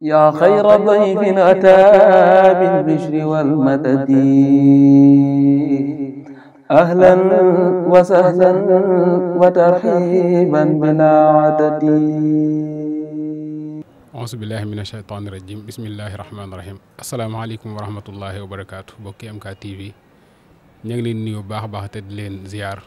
yaa xayra dayfin ataa bil bishri wal madadi ahlan wa sahlan wa tarxiiban bilaa adadi auzu billaahi mina wa barakaatu mbokki MK TV ñu ngi leen nuyu baax baax te di leen ziyaar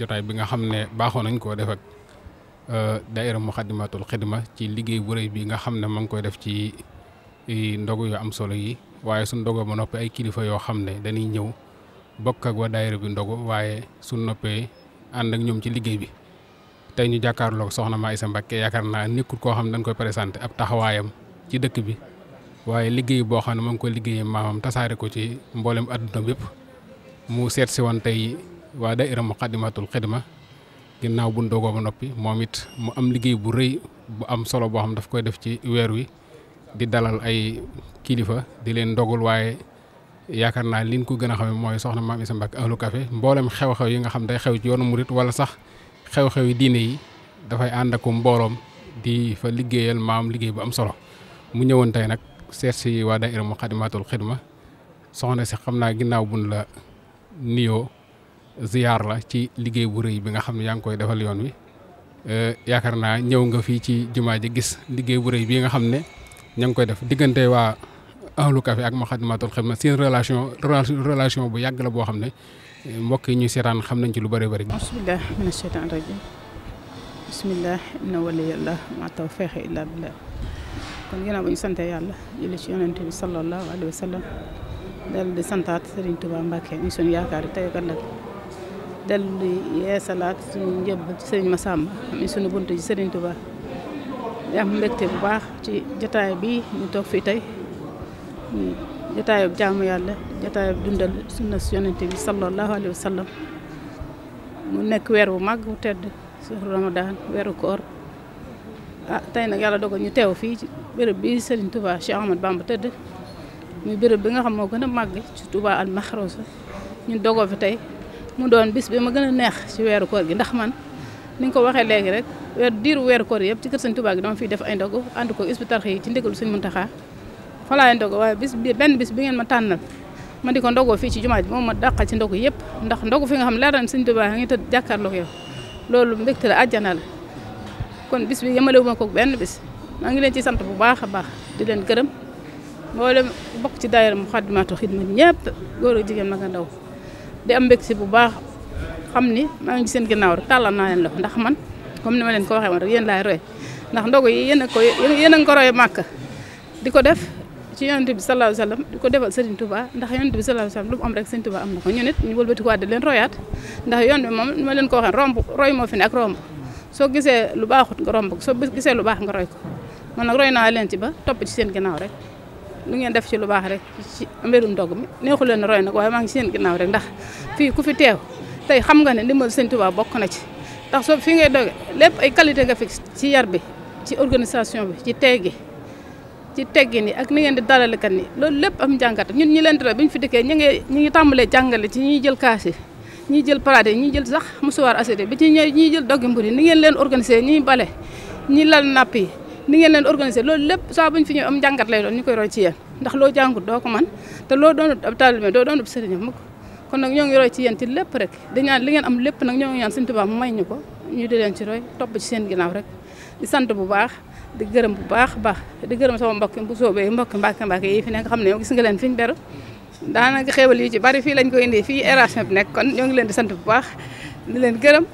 jotaay bi nga xam ne baaxoo nañ koo def mu Muxaddamatul Xidma ci liggéey bu rëy bi nga xam ne ma ngi koy def ci ndogu yu am solo yi waaye su ndogoo ba noppi ay kilifa yoo xam ne dañuy ñëw bokk ak wa daayira bi ndogu waaye suñ noppee ànd ak ñoom ci liggéey bi tey ñu jàkkaarloog soxna Maa Isa Mbàkke yaakaar naa nekkut koo xam ne dañ koy présenté ab taxawaayam ci dëkk bi waaye liggéey boo xam ne ma ngi koy liggéeyee maamam tasaare ko ci mboolem adduna bépp mu seet si woon tey waa daayira Muxaddamatul Xidma ginnaaw bu nu dogoo ba noppi moom it mu am liggéey bu rëy bu am solo boo xam daf koy def ci weer wi di dalal ay kilifa di leen ndogul waaye yaakaar naa liñ ko gën a xamee mooy soxna maam sa Mbàkke ahlu café mboolem xew-xew yi nga xam day xew ci yoonu murit wala sax xew-xew yi diine yi dafay ànd ak mbooloom di fa liggéeyal maam liggéey bu am solo mu ñëwoon tey nag seet si waa daayira Muxaddamatul Xidma soxna si xam naa ginnaaw buñ la nuyoo. ziyaar la ci liggéey bu rëy bi nga xam ne yaa koy defal yoon eh, yaakaar naa ñëw nga fii ci jumaa ji gis liggéey bu rëy bii nga xam ne ña ngi koy def diggante waa ahlu café ak Moukhaddamatoul Khidma seen relation relation bu yàgg la boo xam ne eh, mbokk yi ñuy seetaan xam nañ ci lu bëri bëri. bismillah mina shaytaan rajim bismillah inna waliyallah ma tawfiqi illa billah kon ginnaaw bu ñu sante yàlla julli ci yonente bi sallallahu alayhi wa sallam di santaat Serigne ñu sunu yaakaar tey dellu di yeesalaat suñu njëbb ci sëriñ Massamba am suñu bunt ci sëriñ Touba di am mbégte bu baax ci jotaay bi ñu toog fii tey ñu jotaayub jaamu yàlla jotaayub dundal sunna su yonent bi sallallahu alayhi wa sallam mu nekk weer wu màgg tedd suur Ramadan weeru koor ah tey nag yàlla dogal ñu teew fii ci béréb bi sëriñ Touba Cheikh Ahmad Bamba tëdd muy béréb bi nga xam moo gën a màgg ci Touba al Mahrousa ñun dogoo fi mu doon bis bi ma gën a neex ci weeru koor gi ndax man ni nga ko waxee léegi rek weer diiru weeru koor yëpp ci kër Sëñ Tuubaa gi dama fiy def ay ndogu ànd ko Hizbut Tarqiyyah yi ci ndigalu Sëñ Muntaxa fa laay ndogu waaye bis bi benn bis bi ngeen ma tànnal ma di ko ndogoo fii ci jumaa ji moom ma dàqal ci ndog yëpp ndax ndogu fi nga xam leer na Sëñ Tuubaa nga tëdd jàkkaarloog yow loolu mbégte la àjjana kon bis bi yemalewu ma ko benn bis maa ngi leen ci sant bu baax a baax di leen gërëm mboolem bokk ci daayira Muxaddamatul Xidma ñëpp góor ak jigéen mag a ndaw di am mbég si bu baax xam ni maa ngi seen ginnaaw rek tàllal naa leen loxo ndax man comme ni ma leen ko waxee woon rek yéen laay roy ndax ndogu yi yéen a ko yéen a ko roy màkk di ko def ci yonent bi sallallahu alayhi wasallam di ko defal Serigne Touba ndax yonent bi sallallahu alayhi wasallam lu mu am rek Serigne Touba am na ko ñu nit ñu wëlbati ko waat di leen royaat ndax yoon bi moom ma leen ko waxee romb roy mo fi ne ak romb soo gisee lu baaxut nga romb soo gisee lu baax nga roy ko man nag roy naa leen ci ba topp ci seen ginnaaw rek lu ngeen def ci lu baax rek ci mbirum ndog mi neexu leen roy nag waaye maa ngi seen ginnaaw rek ndax fii ku fi teew tey xam nga ne ndimbal sëñ Tuubaa bokk na ci ndax soo fi ngay doge lépp ay qualité nga fi ci yar bi ci organisation bi ci tey gi ci teggin yi ak ni ngeen di dalale kat ni loolu lépp jàngat ñun ñi leen tere bi ñu fi dikkee ñu ngi ñu ngi tàmbalee jàngale ci ñuy jël kaas yi ñuy jël palaat yi ñuy jël sax musuwaar acide bi ci ñuy jël doggi mbur yi ni ngeen leen organiser ñuy bale ñi lal nappi ni ngeen leen organiser loolu lépp saa buñ fi ñëw am njàngat lay doon ñu koy roy ci loo jàngut doo ko man te loo doonut ab taalibe doo doonut sëriñ mukk kon nag ñoo ngi roy ci yéen lépp rek di ñaan li ngeen am lépp nag ñoo ngi ñaan Sëriñ Tuubaa mu may ñu ko ñu leen ci roy topp ci seen ginnaaw rek sant bu baax di gërëm bu baax baax di gërëm sama mbokk bu soobee mbokk mbàkke mbàkke yi fi nekk xam ne yow gis nga leen fi ñu beru daanaka xéewal yu ci bari fii lañ ko indi fii érasme bi nekk kon ñoo ngi leen di sant bu baax di leen gërëm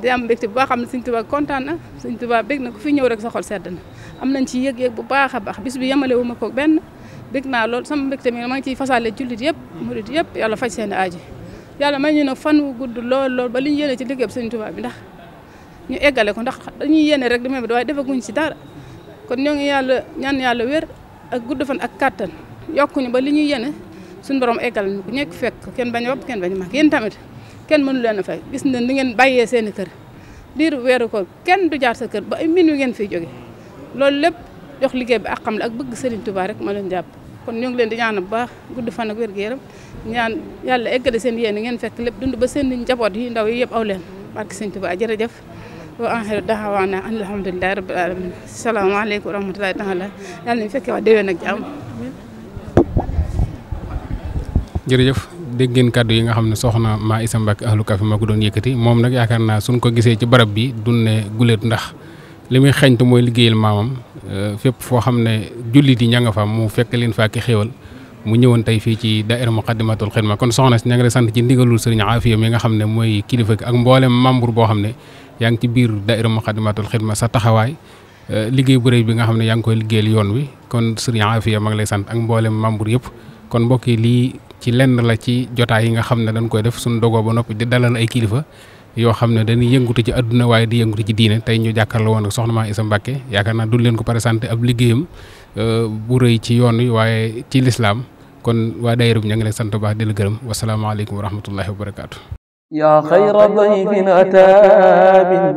di am mbégte bu baax xam ne Sëñ Tuubaa kontaan na Sëñ Tuubaa bég na ku fi ñëw rek sa xol sedd na am nañ ci yëg-yëg bu baax a baax bis bi yemale wu ma ko benn bég naa lool sama mbégte mi ma ngi ciy fasale jullit yëpp murit yëpp yàlla faj seen aaji yàlla ma ñu nag fan wu gudd lool lool ba li ñu yéene ci liggéey Sëñ Tuubaa bi ndax ñu eggale ko ndax dañuy yéene rek di mel waaye defaguñ ci dara kon ñoo ngi yàlla ñaan yàlla wér ak gudd fan ak kàttan yokkuñu ba li ñuy yéene suñu borom eggal ñu fekk kenn bañ wopp kenn bañ mag yéen tamit kenn mënu leen a fay gis na ni ngeen bàyyee seen kër diir weeru ko kenn du jaar sa kër ba ay minuit ngeen fiy joge loolu lépp jox liggéey bi ak xam la ak bëgg Serigne Touba rek ma leen jàpp kon ñoo ngi leen di ñaan bu baax gudd fan ak wér gu yaram ñaan yàlla eggale seen yéene ngeen fekk lépp dund ba seen njaboot yi ndaw yi yëpp aw leen barke Serigne Touba jërëjëf wa axiru daawaana an alhamdulilahi rabbil alamin salaamaaleykum wa rahmatulahi taala yàlla nañu fekkee wax déwéen ak jàmm jërëjëf dégg ngeen kàddu yi nga xam ne soxna maa Isa Mbacke ahlu kafe moo ko doon yëkkati moom nag yaakaar naa suñ ko gisee ci barab bi dun ne ndax li mooy liggéeyal maamam euh, fépp foo xam ne jullit yi ña nga fa mu fekk leen fa ki xéewal mu ñëwoon tey fii ci daayira Muqaddimatul Xidma kon soxna si ña sant ci ndigalul sëriñ Afiya mi nga xam ne mooy kilifa ak mboolem membre boo xam ne yaa ngi ci biir daayira Muqaddimatul Xidma sa taxawaay euh, liggéey bu rëy bi nga xam ne yaa ngi koy liggéeyal yoon wi kon sëriñ Afiya ma ngi lay sant ak mboolem membre yëpp kon mbokk lii ci lenn la ci jotaay yi nga xam ne dañ koy def suñu dogoo ba noppi di dalal ay kilifa yoo xam ne dañuy yëngatu ci àdduna waaye di yëngatu ci diine tey ñu jàkkaarloo woon ak soxna Maam Isa Mbàkke yaakaar naa duñ leen ko présenté ab liggéeyam euh, bu rëy ci yoon wi waaye ci lislaam kon waa daayira bi ñu ngi leen sant baax di la gërëm wasalaamaaleykum wa rahmatullahi wa barakaatu. yaa xayra dayfin ataa